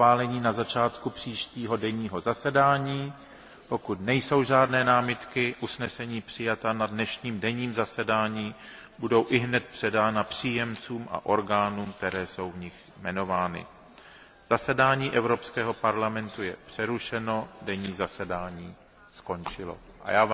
schválení na začátku příštího denního zasedání. Pokud nejsou žádné námitky, usnesení přijata na dnešním denním zasedání budou ihned předána příjemcům a orgánům, které jsou v nich jmenovány. Zasedání Evropského parlamentu je přerušeno, denní zasedání skončilo. A já